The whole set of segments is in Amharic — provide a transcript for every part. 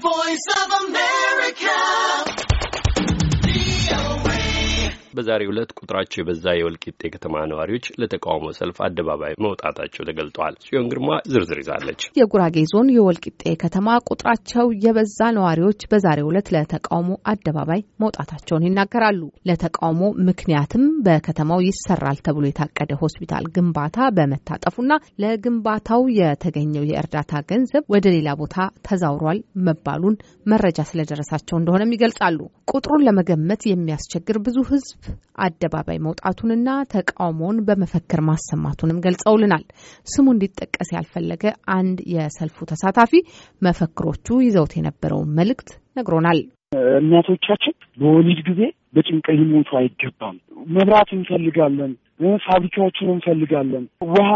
voice of America. በዛሬው ዕለት ቁጥራቸው የበዛ የወልቂጤ ከተማ ነዋሪዎች ለተቃውሞ ሰልፍ አደባባይ መውጣታቸው ተገልጧል። ጽዮን ግርማ ዝርዝር ይዛለች። የጉራጌ ዞን የወልቂጤ ከተማ ቁጥራቸው የበዛ ነዋሪዎች በዛሬው ዕለት ለተቃውሞ አደባባይ መውጣታቸውን ይናገራሉ። ለተቃውሞ ምክንያትም በከተማው ይሰራል ተብሎ የታቀደ ሆስፒታል ግንባታ በመታጠፉና ለግንባታው የተገኘው የእርዳታ ገንዘብ ወደ ሌላ ቦታ ተዛውሯል መባሉን መረጃ ስለደረሳቸው እንደሆነም ይገልጻሉ። ቁጥሩን ለመገመት የሚያስቸግር ብዙ ሕዝብ አደባባይ መውጣቱንና ተቃውሞውን በመፈክር ማሰማቱንም ገልጸውልናል። ስሙ እንዲጠቀስ ያልፈለገ አንድ የሰልፉ ተሳታፊ መፈክሮቹ ይዘውት የነበረውን መልእክት ነግሮናል። እናቶቻችን በወሊድ ጊዜ በጭንቅ ሊሞቱ አይገባም። መብራት እንፈልጋለን፣ ፋብሪካዎችን እንፈልጋለን፣ ውሃ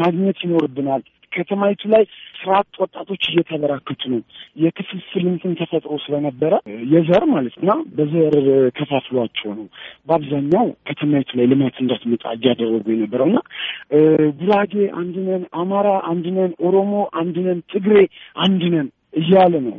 ማግኘት ይኖርብናል። ከተማይቱ ላይ ስርዓት ወጣቶች እየተበራከቱ ነው። የክፍል እንትን ተፈጥሮ ስለነበረ የዘር ማለት እና በዘር ከፋፍሏቸው ነው በአብዛኛው ከተማይቱ ላይ ልማት እንዳትመጣ እያደረጉ የነበረው እና ጉራጌ አንድነን፣ አማራ አንድነን፣ ኦሮሞ አንድነን፣ ትግሬ አንድነን እያለ ነው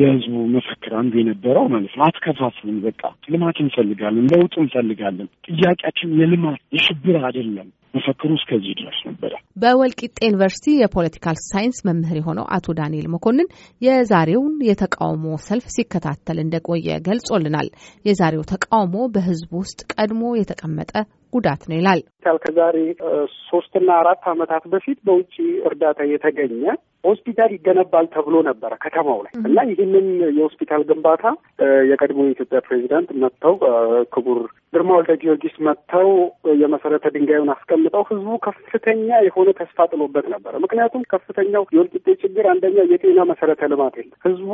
የህዝቡ መፈክር አንዱ የነበረው ማለት ነው። አትከፋፍሉን፣ በቃ ልማት እንፈልጋለን፣ ለውጥ እንፈልጋለን። ጥያቄያችን የልማት የሽብር አይደለም። መፈክሩ እስከዚህ ድረስ ነበረ። በወልቂጤ ዩኒቨርሲቲ የፖለቲካል ሳይንስ መምህር የሆነው አቶ ዳንኤል መኮንን የዛሬውን የተቃውሞ ሰልፍ ሲከታተል እንደቆየ ገልጾልናል። የዛሬው ተቃውሞ በህዝቡ ውስጥ ቀድሞ የተቀመጠ ጉዳት ነው ይላል። ከዛሬ ሶስትና አራት ዓመታት በፊት በውጭ እርዳታ የተገኘ ሆስፒታል ይገነባል ተብሎ ነበረ ከተማው ላይ እና ይህንን የሆስፒታል ግንባታ የቀድሞ የኢትዮጵያ ፕሬዚዳንት መጥተው ክቡር ግርማ ወልደ ጊዮርጊስ መጥተው የመሰረተ ድንጋዩን አስቀምጠው ህዝቡ ከፍተኛ የሆነ ተስፋ ጥሎበት ነበረ። ምክንያቱም ከፍተኛው የወልቂጤ ችግር አንደኛ የጤና መሰረተ ልማት የለም። ህዝቡ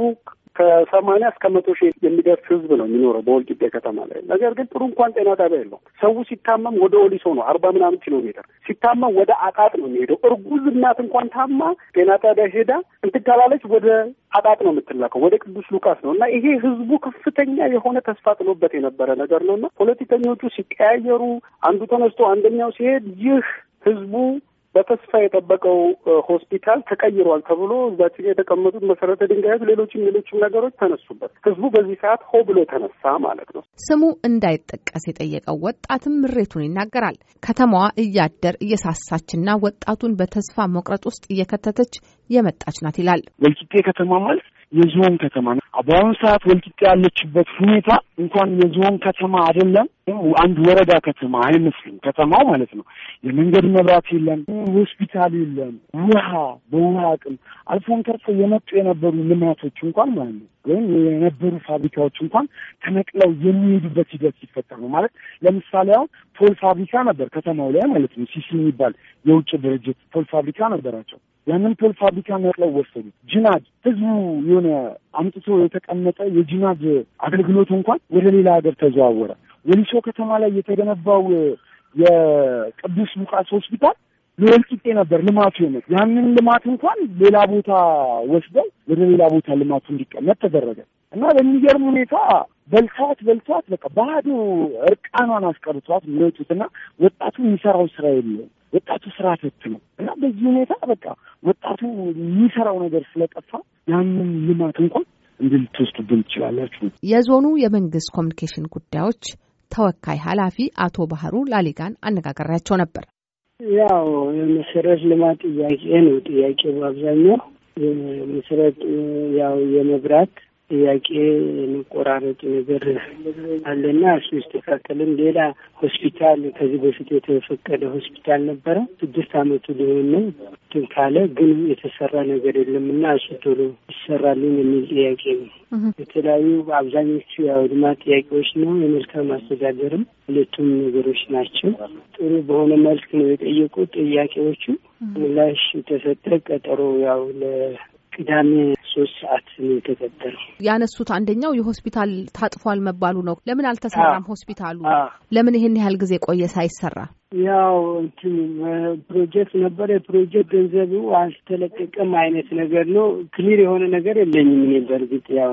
ከሰማንያ እስከ መቶ ሺህ የሚደርስ ህዝብ ነው የሚኖረው በወልቂጤ ከተማ ላይ። ነገር ግን ጥሩ እንኳን ጤና ጣቢያ የለው። ሰው ሲታመም ወደ ኦሊሶ ነው አርባ ምናምን ኪሎ ሜትር ሲታመም ወደ አጣጥ ነው የሚሄደው። እርጉዝ እናት እንኳን ታማ ጤና ጣቢያ ሄዳ እንትካላለች ወደ አጣጥ ነው የምትላከው፣ ወደ ቅዱስ ሉቃስ ነው እና ይሄ ህዝቡ ከፍተኛ የሆነ ተስፋ ጥሎበት የነበረ ነገር ነው እና ስደተኞቹ ሲቀያየሩ፣ አንዱ ተነስቶ አንደኛው ሲሄድ ይህ ህዝቡ በተስፋ የጠበቀው ሆስፒታል ተቀይሯል ተብሎ እዛችን የተቀመጡት መሰረተ ድንጋዮች፣ ሌሎችም ሌሎችም ነገሮች ተነሱበት። ህዝቡ በዚህ ሰዓት ሆ ብሎ ተነሳ ማለት ነው። ስሙ እንዳይጠቀስ የጠየቀው ወጣትም ምሬቱን ይናገራል። ከተማዋ እያደር እየሳሳችና ወጣቱን በተስፋ መቁረጥ ውስጥ እየከተተች የመጣች ናት ይላል። ወልቂጤ ከተማ ማለት የዞን ከተማ ነው። በአሁኑ ሰዓት ወልቂጤ ያለችበት ሁኔታ እንኳን የዞን ከተማ አይደለም፣ አንድ ወረዳ ከተማ አይመስልም ከተማው ማለት ነው። የመንገድ መብራት የለም፣ ሆስፒታል የለም፣ ውሃ በውሃ አቅም አልፎን ከርሶ የመጡ የነበሩ ልማቶች እንኳን ማለት ነው ወይም የነበሩ ፋብሪካዎች እንኳን ተነቅለው የሚሄዱበት ሂደት ሲፈጠር ነው ማለት ለምሳሌ አሁን ፖል ፋብሪካ ነበር ከተማው ላይ ማለት ነው ሲሲ የሚባል የውጭ ድርጅት ፖል ፋብሪካ ነበራቸው ያንን ፖል ፋብሪካ ነቅለው ወሰዱ። ጅናድ ህዝቡ የሆነ አምጥቶ የተቀመጠ የጅናድ አገልግሎት እንኳን ወደ ሌላ ሀገር ተዘዋወረ። ወሊሶ ከተማ ላይ የተገነባው የቅዱስ ሉቃስ ሆስፒታል ለወልቂጤ ነበር ልማቱ የሆነ ያንን ልማት እንኳን ሌላ ቦታ ወስደው ወደ ሌላ ቦታ ልማቱ እንዲቀመጥ ተደረገ እና በሚገርም ሁኔታ በልተዋት በልተዋት በቃ ባዶ እርቃኗን አስቀርቷት የሚወጡት እና ወጣቱ የሚሰራው ስራ የለውም። ወጣቱ ስራ ተት ነው እና በዚህ ሁኔታ በቃ ወጣቱ የሚሰራው ነገር ስለጠፋ ያንን ልማት እንኳን እንድልትወስዱብን ትችላላችሁ። የዞኑ የመንግስት ኮሚኒኬሽን ጉዳዮች ተወካይ ኃላፊ አቶ ባህሩ ላሊጋን አነጋገሪያቸው ነበር። ያው የመሰረት ልማት ጥያቄ ነው። ጥያቄ በአብዛኛው መሰረት ያው የመብራት ጥያቄ የመቆራረጥ ነገር አለና እሱ ይስተካከልን። ሌላ ሆስፒታል ከዚህ በፊት የተፈቀደ ሆስፒታል ነበረ። ስድስት አመቱ ሊሆን ነው ካለ ግን የተሰራ ነገር የለም እና እሱ ቶሎ ይሰራልን የሚል ጥያቄ ነው። የተለያዩ አብዛኞቹ የአውድማ ጥያቄዎች ነው። የመልካም አስተዳደርም ሁለቱም ነገሮች ናቸው። ጥሩ በሆነ መልክ ነው የጠየቁ ጥያቄዎቹ ምላሽ የተሰጠ ቀጠሮ ያው ቅዳሜ ሶስት ሰዓት ነው የተቀጠረው። ያነሱት አንደኛው የሆስፒታል ታጥፏል መባሉ ነው። ለምን አልተሰራም ሆስፒታሉ? ለምን ይህን ያህል ጊዜ ቆየ ሳይሰራ? ያው እንትን ፕሮጀክት ነበር። የፕሮጀክት ገንዘቡ አልተለቀቀም አይነት ነገር ነው። ክሊር የሆነ ነገር የለኝም እኔ። በእርግጥ ያው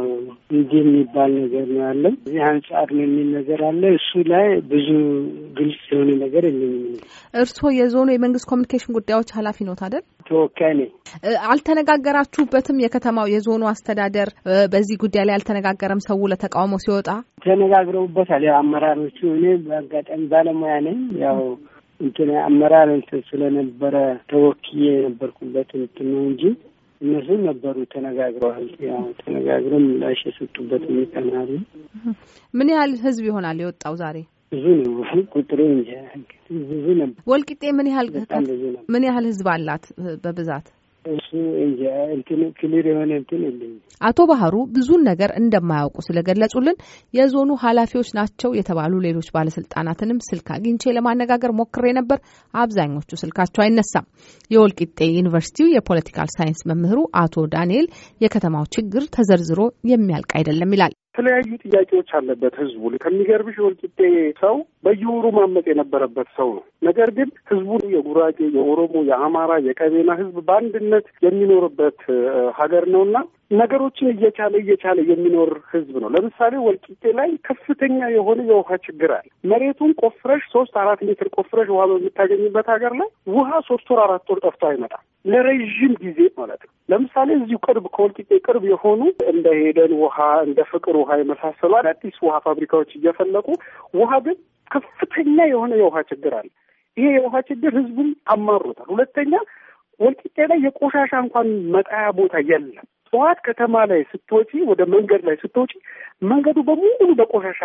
እንዲህ የሚባል ነገር ነው ያለው እዚህ አንጻር ነው የሚል ነገር አለ። እሱ ላይ ብዙ ግልጽ የሆነ ነገር የለኝም። እርስዎ የዞኑ የመንግስት ኮሚኒኬሽን ጉዳዮች ኃላፊ ኖት አይደል? ተወካይ ነኝ። አልተነጋገራችሁበትም? የከተማው የዞኑ አስተዳደር በዚህ ጉዳይ ላይ አልተነጋገረም? ሰው ለተቃውሞ ሲወጣ ተነጋግረውበታል። ያው አመራሮቹ እኔ በአጋጣሚ ባለሙያ ነኝ ያው እንትን አመራር እንትን ስለነበረ ተወክዬ የነበርኩበት እንትን ነው እንጂ እነሱም ነበሩ ተነጋግረዋል። ያው ተነጋግረም ምላሽ የሰጡበት የሚቀናሉ ምን ያህል ህዝብ ይሆናል የወጣው ዛሬ? ብዙ ነው ቁጥሩ እንጂ ብዙ ነበር። ወልቂጤ ምን ያህል ምን ያህል ህዝብ አላት በብዛት? እሱ ክሊር የሆነ እንትን የለኝም። አቶ ባህሩ ብዙን ነገር እንደማያውቁ ስለገለጹልን የዞኑ ኃላፊዎች ናቸው የተባሉ ሌሎች ባለስልጣናትንም ስልክ አግኝቼ ለማነጋገር ሞክሬ ነበር። አብዛኞቹ ስልካቸው አይነሳም። የወልቂጤ ዩኒቨርሲቲው የፖለቲካል ሳይንስ መምህሩ አቶ ዳንኤል የከተማው ችግር ተዘርዝሮ የሚያልቅ አይደለም ይላል። የተለያዩ ጥያቄዎች አለበት ህዝቡ። ከሚገርብ የወልቂጤ ሰው በየወሩ ማመጥ የነበረበት ሰው ነው። ነገር ግን ህዝቡ የጉራጌ፣ የኦሮሞ፣ የአማራ፣ የቀቤና ህዝብ በአንድነት የሚኖርበት ሀገር ነውና ነገሮችን እየቻለ እየቻለ የሚኖር ህዝብ ነው። ለምሳሌ ወልቂጤ ላይ ከፍተኛ የሆነ የውሃ ችግር አለ። መሬቱን ቆፍረሽ ሶስት አራት ሜትር ቆፍረሽ ውሃ በምታገኝበት ሀገር ላይ ውሃ ሶስት ወር አራት ወር ጠፍቶ አይመጣም ለረዥም ጊዜ ማለት ነው። ለምሳሌ እዚሁ ቅርብ ከወልቂጤ ቅርብ የሆኑ እንደ ሄደን ውሃ እንደ ፍቅር ውሃ የመሳሰሉ አዳዲስ ውሃ ፋብሪካዎች እየፈለቁ ውሃ ግን ከፍተኛ የሆነ የውሃ ችግር አለ። ይሄ የውሃ ችግር ህዝቡን አማሮታል። ሁለተኛ ወልቂጤ ላይ የቆሻሻ እንኳን መጣያ ቦታ የለም። ጠዋት ከተማ ላይ ስትወጪ፣ ወደ መንገድ ላይ ስትወጪ መንገዱ በሙሉ በቆሻሻ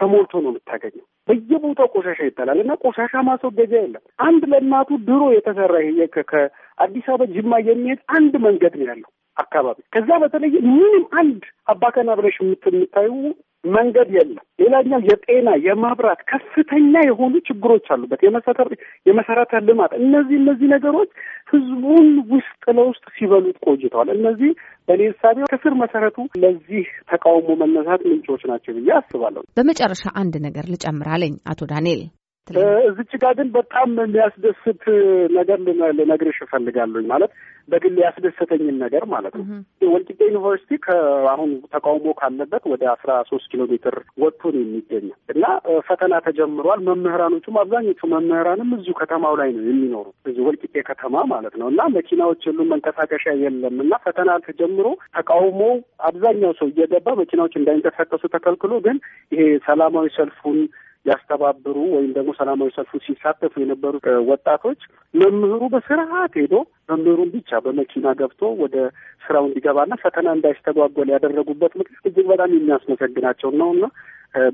ተሞልቶ ነው የምታገኘው። በየቦታው ቆሻሻ ይጣላል እና ቆሻሻ ማስወገጃ የለም። አንድ ለእናቱ ድሮ የተሰራ ይሄ ከአዲስ አበባ ጅማ የሚሄድ አንድ መንገድ ነው ያለው አካባቢ። ከዛ በተለየ ምንም አንድ አባከና ብለሽ የምታዩ መንገድ የለም። ሌላኛው የጤና የመብራት ከፍተኛ የሆኑ ችግሮች አሉበት። የመሰረተ ልማት እነዚህ እነዚህ ነገሮች ህዝቡን ውስጥ ለውስጥ ሲበሉት ቆይተዋል። እነዚህ በእኔ እሳቤ ከስር መሰረቱ ለዚህ ተቃውሞ መነሳት ምንጮች ናቸው ብዬ አስባለሁ። በመጨረሻ አንድ ነገር ልጨምራለኝ አቶ ዳንኤል እዚች ጋር ግን በጣም የሚያስደስት ነገር ልነግርሽ እፈልጋለሁኝ። ማለት በግል ያስደሰተኝን ነገር ማለት ነው። ወልቂጤ ዩኒቨርሲቲ ከአሁን ተቃውሞ ካለበት ወደ አስራ ሶስት ኪሎ ሜትር ወጥቶ ነው የሚገኘው እና ፈተና ተጀምሯል። መምህራኖቹም አብዛኞቹ መምህራንም እዚሁ ከተማው ላይ ነው የሚኖሩ፣ እዚሁ ወልቂጤ ከተማ ማለት ነው እና መኪናዎች የሉም፣ መንቀሳቀሻ የለም እና ፈተና ተጀምሮ ተቃውሞ አብዛኛው ሰው እየገባ መኪናዎች እንዳይንቀሳቀሱ ተከልክሎ ግን ይሄ ሰላማዊ ሰልፉን ያስተባብሩ ወይም ደግሞ ሰላማዊ ሰልፉ ሲሳተፉ የነበሩ ወጣቶች መምህሩ በስርዓት ሄዶ መምህሩን ብቻ በመኪና ገብቶ ወደ ስራው እንዲገባና ፈተና እንዳይስተጓጎል ያደረጉበት ምክንያት እጅግ በጣም የሚያስመሰግናቸው ነው እና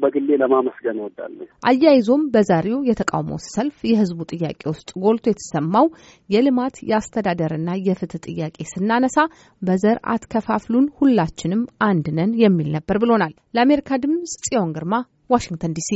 በግሌ ለማመስገን እወዳለሁ። አያይዞም በዛሬው የተቃውሞ ሰልፍ የህዝቡ ጥያቄ ውስጥ ጎልቶ የተሰማው የልማት የአስተዳደርና የፍትህ ጥያቄ ስናነሳ በዘር አትከፋፍሉን፣ ሁላችንም አንድ ነን የሚል ነበር ብሎናል። ለአሜሪካ ድምጽ ጽዮን ግርማ ዋሽንግተን ዲሲ